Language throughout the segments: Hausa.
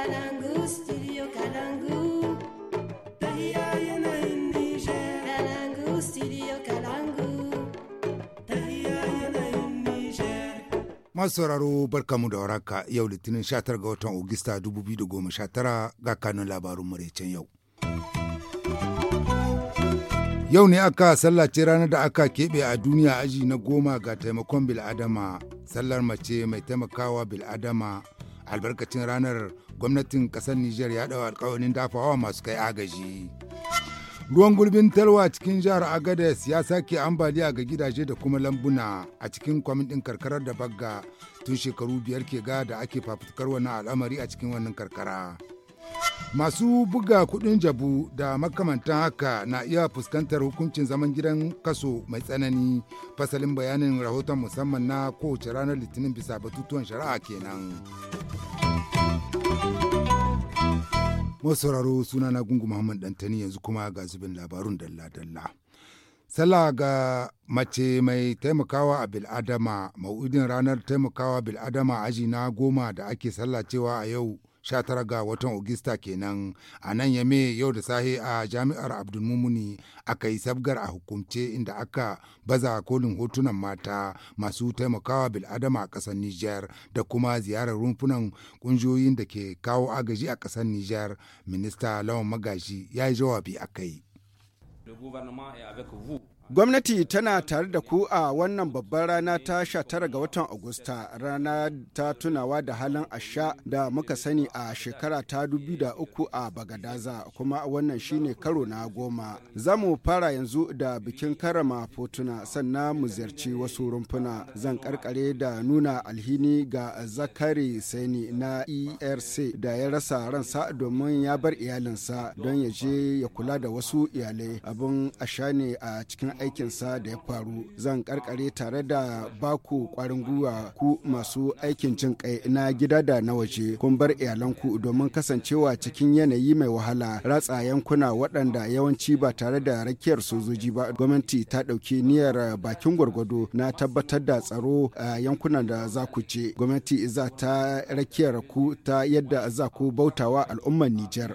Kalangu, studio Kalangu. yanayin Kalangu, studio Kalangu. yanayin Masu sauraro barkamu da waraka yau litinin 19 ga watan Ogista 2019 ga kanun labarun maraicen yau. Yau ne aka sallace ranar da aka keɓe a duniya aji na goma ga taimakon bil'adama, sallar mace mai taimakawa bil'adama albarkacin ranar gwamnatin ƙasar Nijar ya dawa alkawarin dafawa masu kai agaji. Ruwan gulbin talwa cikin jihar Agadez ya sake ambaliya ga gidaje da kuma lambuna a cikin kwamitin karkarar da bagga tun shekaru biyar ke ga da ake fafutukar wani al'amari a cikin wannan karkara. Masu buga kudin jabu da makamantan haka na iya fuskantar hukuncin zaman gidan kaso mai tsanani fasalin bayanin rahoton musamman na kowace ranar litinin bisa batutuwan shari'a kenan. sauraro suna na gungu Muhammad Dantani yanzu kuma ga zubin labarun dalla-dalla. sala ga mace mai taimakawa a Bil'adama, ma'udin ranar taimakawa Bil'adama aji na goma da ake sallacewa a yau 19 ga watan Ogista kenan a nan yame yau da sahe a jami'ar Abdulmumuni aka yi sabgar a hukumce inda aka baza kolin hotunan mata masu taimakawa bil'adama a ƙasar Nijar da kuma ziyarar rumfunan ƙungiyoyin da ke kawo agaji a ƙasar Nijar minista Lawan Magaji ya yi jawabi a kai. Gwamnati tana tare da ku a wannan babbar rana ta 19 ga watan Agusta rana ta tunawa da halin asha da muka sani a shekara ta uku a Bagadaza kuma wannan shine karo na goma. Za mu fara yanzu da bikin karama fotuna sannan mu ziyarci wasu rumfuna zan karkare da nuna alhini ga Zakari saini na ERC da ya rasa ransa domin ya bar iyalinsa don ya je ya kula da wasu iyalai abin asha ne a cikin aikinsa da ya faru zan karkare tare da baku kwarin gwiwa ku masu aikin jin kai na gida da na waje kun bar iyalanku domin kasancewa cikin yanayi mai wahala ratsa yankuna waɗanda yawanci ba tare da rakiyar sojoji ba gwamnati ta ɗauki niyyar bakin gwargwado na tabbatar da tsaro a yankunan da za ku ce gwamnati za ta rakiyar ku ta yadda za ku bautawa al'ummar Nijar.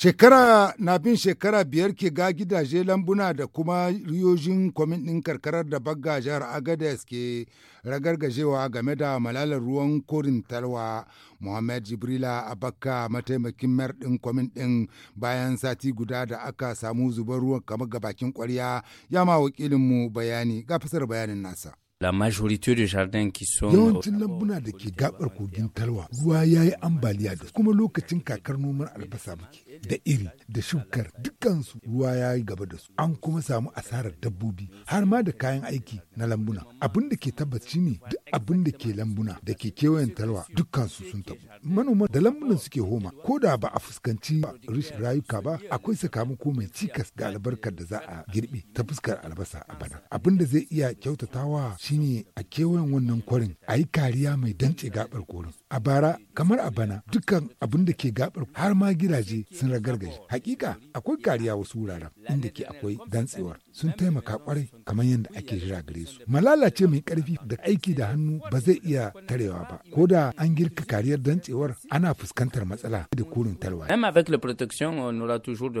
Shekara na bin shekara biyar ke ga gidaje lambuna da kuma riyojin kwamin ɗin karkarar da bagga jihar Agadez ke ragargajewa game da malalar ruwan korin talwa Muhammad Jibrila Abakka mataimakin mayar ɗin kwamin ɗin bayan sati guda da aka samu zubar ruwan kamar ga bakin ƙwarya ya ma wakilinmu bayani ga fasar bayanin nasa. la majorité des jardins qui sont yawancin lambuna da ke gabar kogin talwa ruwa ya yi ambaliya da kuma lokacin kakar noman albasa muke da iri da shukar dukansu ruwa ya yi gaba da su an kuma samu asarar dabbobi har ma da kayan aiki na lambuna abin da ke tabbas ne duk abin da ke lambuna da ke kewayen talwa dukkansu sun tabu manoma da lambunan suke homa ko da ba a fuskanci rishin rayuka ba akwai sakamako mai cikas ga albarkar da za a girbe ta fuskar albasa a bana abin da zai iya kyautatawa shine a kewayen wannan kwarin a yi kariya mai dantse gabar korin. A bara kamar a bana dukkan abin da ke gabar har ma gidaje sun ragargaje. Hakika akwai kariya wasu wuraren inda ke akwai dantsewar sun taimaka kwarai kamar yadda ake jira gare su. Malala ce mai karfi da aiki da hannu ba zai iya tarewa ba. Ko da an girka kariyar dantsewar ana fuskantar matsala da kurin talwa. Même avec la protection, on aura toujours des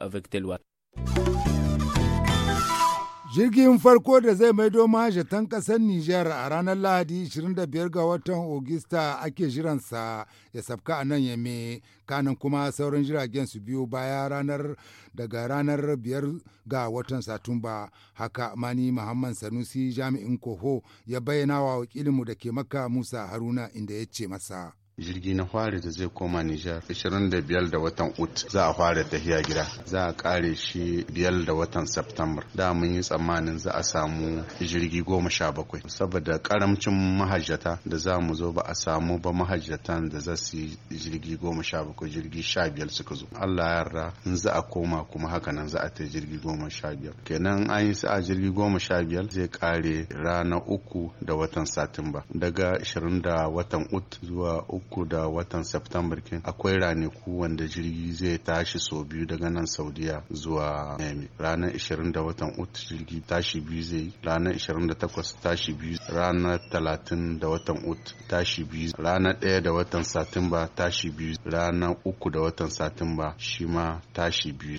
avec Jirgin farko da zai maido mahajatan ƙasar Nijar a ranar Lahadi 25 ga watan Ogista ake jiransa ya sabka a nan yame, kanan kuma sauran jiragen su biyo baya ranar daga ranar 5 ga watan Satumba. Haka Mani Muhammad Sanusi jami'in Koho ya bayyana wa wakilinmu da ke maka Musa Haruna inda ya ce masa. jirgi na hware da zai koma Nijar 25 da watan Ut za a fara tafiya gida za a kare shi biyar da watan September da mun yi tsammanin za a samu jirgi goma sha bakwai saboda karamcin mahajjata da za mu zo ba a samu ba mahajjatan da za su yi jirgi goma sha bakwai jirgi sha biyar suka zo Allah ya yarda in za a koma kuma haka nan za a ta jirgi goma sha biyar kenan an yi sa'a jirgi goma sha biyar zai kare rana uku da watan Satumba daga 20 da watan Ut zuwa uku uku da watan september kin akwai ranaku wanda jirgi zai tashi sau biyu daga nan saudiya zuwa miami ranar 20 da watan ut jirgi tashi biyu zai ranar 28 tashi biyu ranar 30 da watan ut tashi biyu ranar 1 da watan satumba tashi biyu ranar uku da watan satumba shi ma tashi biyu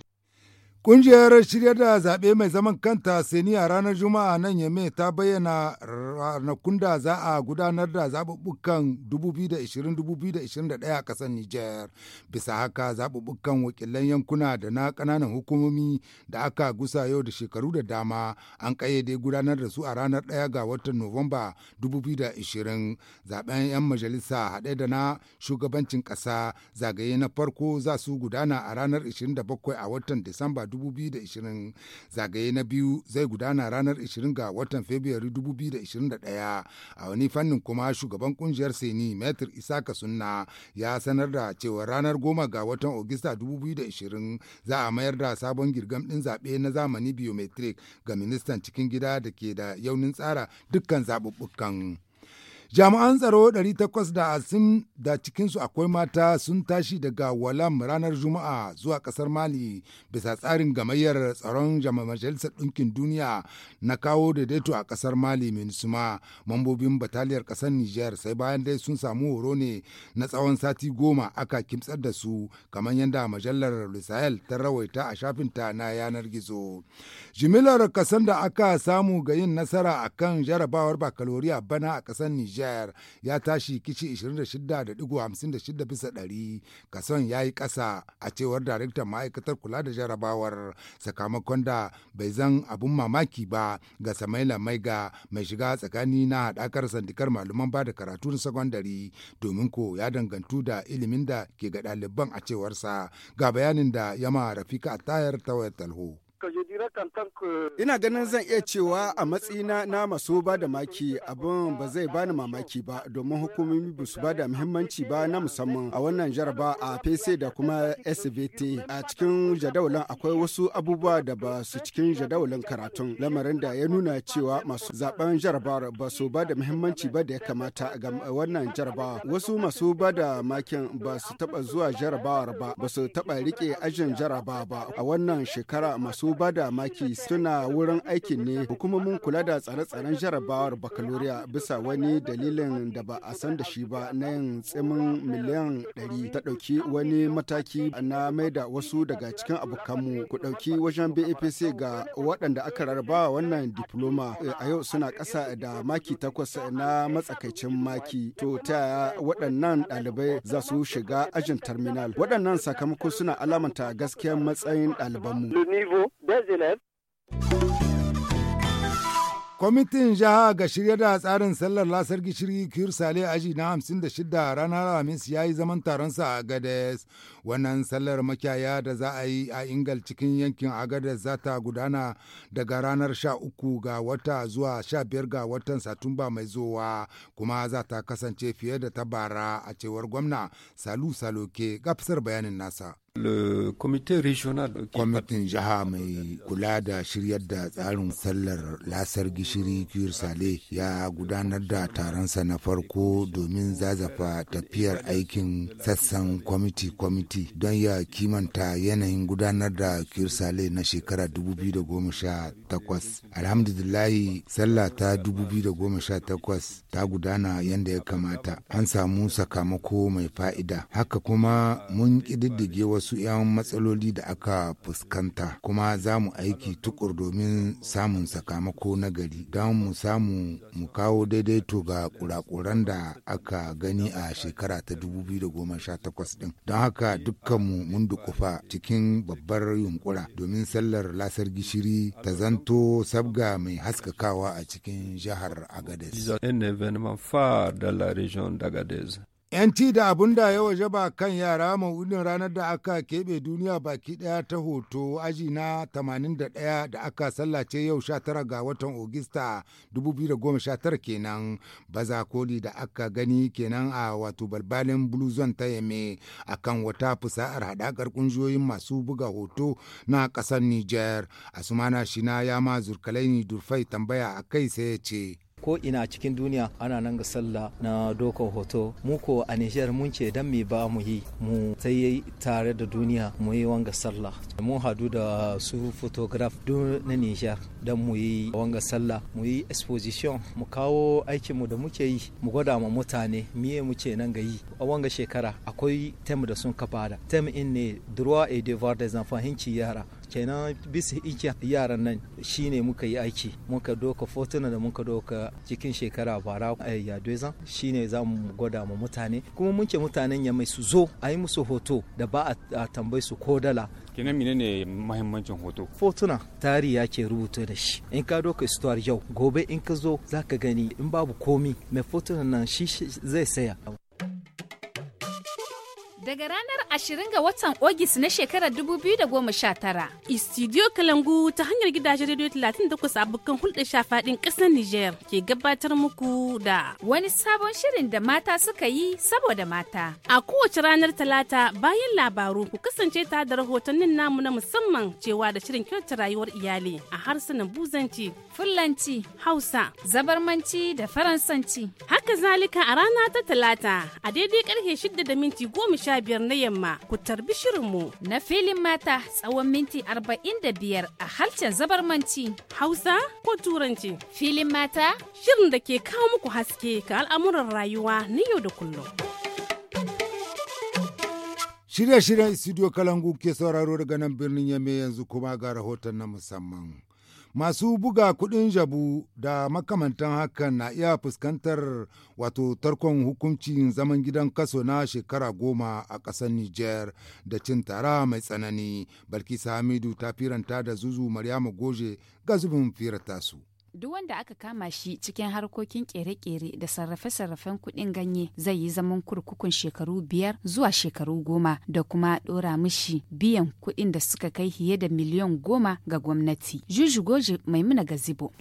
Ƙungiyar shirya da zaɓe mai zaman kanta Seni a ranar Juma'a nan Yame ta bayyana ranakun da za a gudanar da zaɓuɓɓukan 2020-2021 a ƙasar Nijar. Bisa haka zaɓuɓɓukan wakilan yankuna da na ƙananan hukumomi da aka gusa yau da shekaru da dama an ƙayyade gudanar da su a ranar ɗaya ga watan Nuwamba 2020. Zaɓen 'yan majalisa haɗe da na shugabancin ƙasa zagaye na farko za su gudana a ranar 27 a watan Disamba 2020 zagaye na biyu zai gudana ranar 20 ga watan Fabrairu 2021 a wani fannin kuma shugaban kungiyar Seni Metr Isaka Sunna ya sanar da cewa ranar 10 ga watan Ogista 2020 za a mayar da sabon girgam ɗin zaɓe na zamani biometric ga ministan cikin gida da ke da yaunin tsara dukkan zaɓuɓɓukan. Jami'an tsaro 850 da cikinsu akwai mata sun tashi daga Walam ranar Juma'a zuwa ƙasar Mali bisa tsarin gamayyar tsaron Majalisar Ɗinkin Duniya na kawo daidaito a ƙasar Mali Minisuma mambobin bataliyar ƙasar niger sai bayan dai sun samu horo ne na tsawon sati goma aka kimtsar da su kamar yadda majalar risayel ta rawaita a shafinta na yanar gizo. Jimilar kasan da aka samu ga yin nasara akan jarabawar bakaloriya bana a ƙasar niger. Niger ya tashi kici 26.56 bisa ɗari kason ya yi ƙasa a cewar daraktan ma'aikatar kula da jarabawar sakamakon da bai zan abun mamaki ba ga Samaila Maiga mai shiga tsakani na haɗakar sandikar malaman ba da karatu na sakwandari domin ko ya dangantu da ilimin da ke ga ɗaliban a cewarsa ga bayanin da yama Rafika a tayar ta wayar talho. Ina ganin zan iya cewa a matsina na maso ba da maki abin ba zai bani mamaki ba domin hukumomi ba su ba da muhimmanci ba na musamman a wannan jaraba a fese da kuma SVT a cikin jadawalin akwai wasu abubuwa da ba su cikin jadawalin karatun lamarin da ya nuna cewa masu zaben jarabar ba su ba da muhimmanci ba da ya kamata ga wannan jarabawa wasu masu ba da makin ba su taba zuwa jarabawar ba ba su taba rike ajin jaraba ba a wannan shekara masu ba da maki suna wurin aikin ne hukumomin kula da tsare-tsaren jarabawar bakaloriya bisa wani dalilin da ba a san da shi ba na yin tsimin miliyan 100 ta ɗauki wani mataki na mai da wasu daga cikin abokanmu ku ɗauki wajen BAPC ga waɗanda aka rarraba wannan diploma a yau suna ƙasa da maki takwas na matsakaicin maki to ta waɗannan ɗalibai za su shiga ajin terminal waɗannan sakamako suna alamanta gaskiyar matsayin ɗalibanmu. des Kwamitin jiha ga shirya da tsarin sallar lasar gishiri kiyur sale aji na 56 ranar Alhamis ya yi zaman taronsa a Agades. Wannan sallar makiyaya da za a yi a Ingal cikin yankin Agades za ta gudana daga ranar 13 ga wata zuwa 15 ga watan Satumba mai zuwa kuma za ta kasance fiye da ta a cewar gwamna Salu Saloke gafisar bayanin nasa. Kwamitin regional. jiha mai kula da shiryar da tsarin sallar lasar gishiri Kiyar Sale ya gudanar da taronsa na farko domin zazafa tafiyar aikin sassan kwamiti-kwamiti don ya kimanta yanayin gudanar da Kiyar Sale na shekara 2018. Alhamdulillahi sallah ta 2018 ta gudana yadda ya kamata. An samu sakamako mai fa'ida. Haka kuma mun ƙididdige wasu wasu 'yan matsaloli da aka fuskanta kuma za mu aiki tukur domin samun sakamako na gari don mu samu mu kawo daidaito ga kurakuran da aka gani a shekara ta 2018 din don haka dukkanmu mun dukufa cikin babbar yunkura domin sallar lasar gishiri ta zanto sabga mai haskakawa a cikin jihar agadez. yanci da abun da ya waje ba kan yara maudin ranar da aka keɓe duniya baki ɗaya ta hoto aji na 81 da aka sallace yau 19 ga watan ogista 2019 kenan baza koli da aka gani kenan a wato balbalin bluzon ta yame a kan wata fusa'ar haɗakar ƙungiyoyin masu buga hoto na ƙasar niger asumana shina ya ma zurkalai durfai tambaya a kai sai ya ce ko ina cikin duniya ana nan ga sallah na dokar hoto mu ko a Nijar mun ce dan me ba mu yi mu sai tare da duniya mu yi wanga sallah mun hadu da su photograph duk na Nijar dan mu yi wanga sallah mu yi exposition mu kawo aikin mu da muke yi mu gwada ma mutane miye mu ce nan ga yi a wanga shekara akwai tem da sun kafa da tem in ne droit et devoir des enfants hinci yara kenan bisa ike yaran nan shi shine muka yi aiki muka doka fotuna da muka doka cikin shekara bara eh, ya shi ne za mu gwada ma mutane kuma mun ce mutanen ya mai su zo a yi musu hoto da ba a tambayi su ko dala kenan mine ne mahimmancin hoto fotuna tari ya ke rubuta da shi in ka doka istuwar yau gobe in ka zo za ka gani in babu komi mai fotunan nan shi zai saya Daga ranar 20 ga watan Ogis na shekarar 2019, Istidiyo Kalangu ta hanyar gidajen rediyo 38 abokan hulɗar shafaɗin ƙasar Nijar ke gabatar muku da wani sabon shirin da mata suka yi saboda mata. A kowace ranar Talata bayan labaru ku kasance ta da rahotannin namu na musamman cewa da shirin kyautar rayuwar iyali a harsunan buzanci Fulanci, Hausa, Zabarmanci da Faransanci. Haka zalika a rana ta Talata a daidai karfe shida da minti goma sha biyar na yamma ku tarbi shirinmu. Na filin mata tsawon minti arba'in da biyar a harshen Zabarmanci, Hausa ko Turanci. Filin mata shirin da ke kawo muku haske ga al'amuran rayuwa na yau da kullum. Shirye-shiryen Studio Kalangu ke sauraro daga nan birnin Yame yanzu kuma ga rahoton na musamman. masu buga kudin jabu da makamantan hakan na iya fuskantar wato tarkon hukuncin zaman gidan kaso na shekara goma a ƙasar niger da cin tara mai tsanani. Balkisa Hamidu ta firanta da Zuzu Maryamu Goje ga zubin firata su. Duk wanda aka kama shi cikin harkokin kere-kere da sarrafe-sarrafen kuɗin ganye zai yi zaman kurkukun shekaru biyar zuwa shekaru goma da kuma ɗora mishi biyan kuɗin da suka kai fiye da miliyan goma ga gwamnati. Juju Goji Maimuna Gazibo.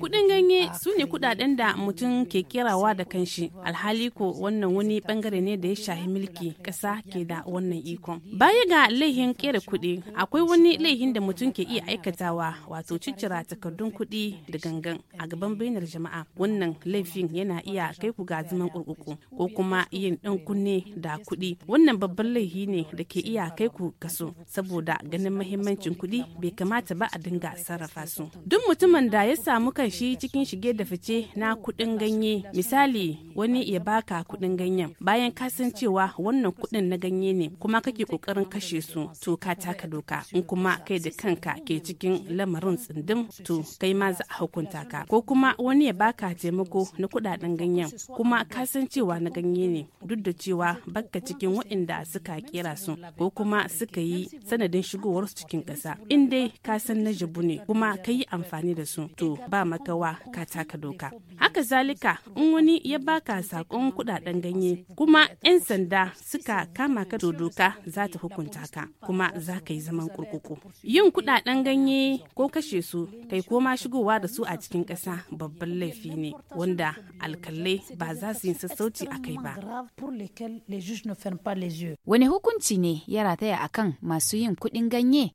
Kuɗin ganye su ne kuɗaɗen da mutum ke kerawa da kanshi alhali ko wannan wani bangare ne da ya shahi milki ƙasa ke da wannan ikon. Baya ga laihin kera kuɗi akwai wani laihin da mutum ke iya aikatawa wato ciccira takardun kuɗi da gangan a gaban bainar jama'a wannan laifin yana iya kai ku ga zaman kurkuku ko kuma yin ɗan kunne da kuɗi wannan babban laifi ne da ke iya kai ku kaso saboda ganin mahimmancin kuɗi bai kamata ba a dinga sarrafa su duk mutumin da ya samu kanshi cikin shige da fice na kuɗin ganye misali wani ya baka kuɗin ganyen bayan ka san cewa wannan kuɗin na ganye ne kuma kake ƙoƙarin kashe su to ka taka doka in kuma kai da kanka ke cikin lamarin tsindim to kai ma za a hukunta ka ko kuma wani ya baka taimako na kudaden ganyen kuma ka san cewa na ganye ne duk da cewa bakka cikin waɗanda suka kera su ko kuma suka yi sanadin shigowar su cikin ƙasa in dai ka san na jibu ne kuma ka yi amfani da su to ba makawa ka taka doka haka zalika in wani ya baka sakon kudaden ganye kuma 'yan sanda suka kama ka to doka za ta hukunta ka kuma za ka yi zaman kurkuku yin kudaden ganye ko kashe su kai koma shigowa da su a cikin ƙasa babban laifi ne wanda alkalai ba za su yi sassauci a kai ba. Wani hukunci ne ya rataya a kan masu yin kuɗin ganye?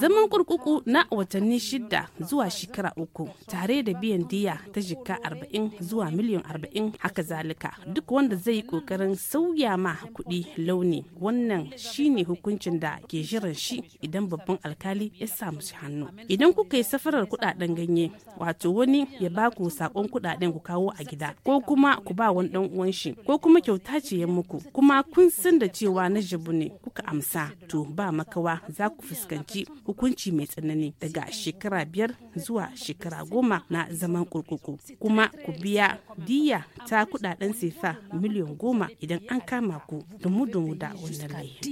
Zaman kurkuku na watanni shida zuwa shekara uku tare da biyan diya ta jika arba'in zuwa miliyan arba'in haka zalika duk wanda zai yi ƙoƙarin sauya ma kuɗi launi wannan shine hukuncin da ke jiran shi idan babban alkali hankali ya sa hannu idan kuka yi safarar kudaden ganye wato wani ya ba ku sakon kudaden ku kawo a gida ko kuma ku ba wani dan uwan shi ko kuma kyauta ce ya muku kuma kun san da cewa na jibu ne kuka amsa to ba makawa za ku fuskanci hukunci mai tsanani daga shekara biyar zuwa shekara goma na zaman kurkuku kuma ku biya diya ta kudaden sefa miliyan goma idan an kama ku dumu-dumu da wannan laifi.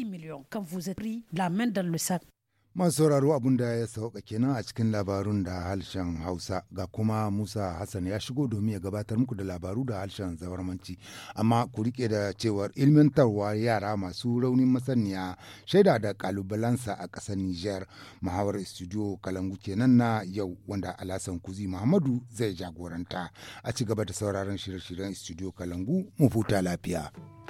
Masu sauraro abun da ya sauka kenan a cikin labarun da harshen Hausa ga kuma Musa Hassan ya shigo domin ya gabatar muku da labaru da harshen zawarmanci. Amma ku rike da cewar ilmantarwa yara masu raunin masaniya shaida da kalubalansa a ƙasar Nijar muhawar studio Kalangu kenan na yau wanda Alhassan Kuzi Muhammadu zai jagoranta. A ci gaba da sauraron shirye-shiryen studio Kalangu mu futa lafiya.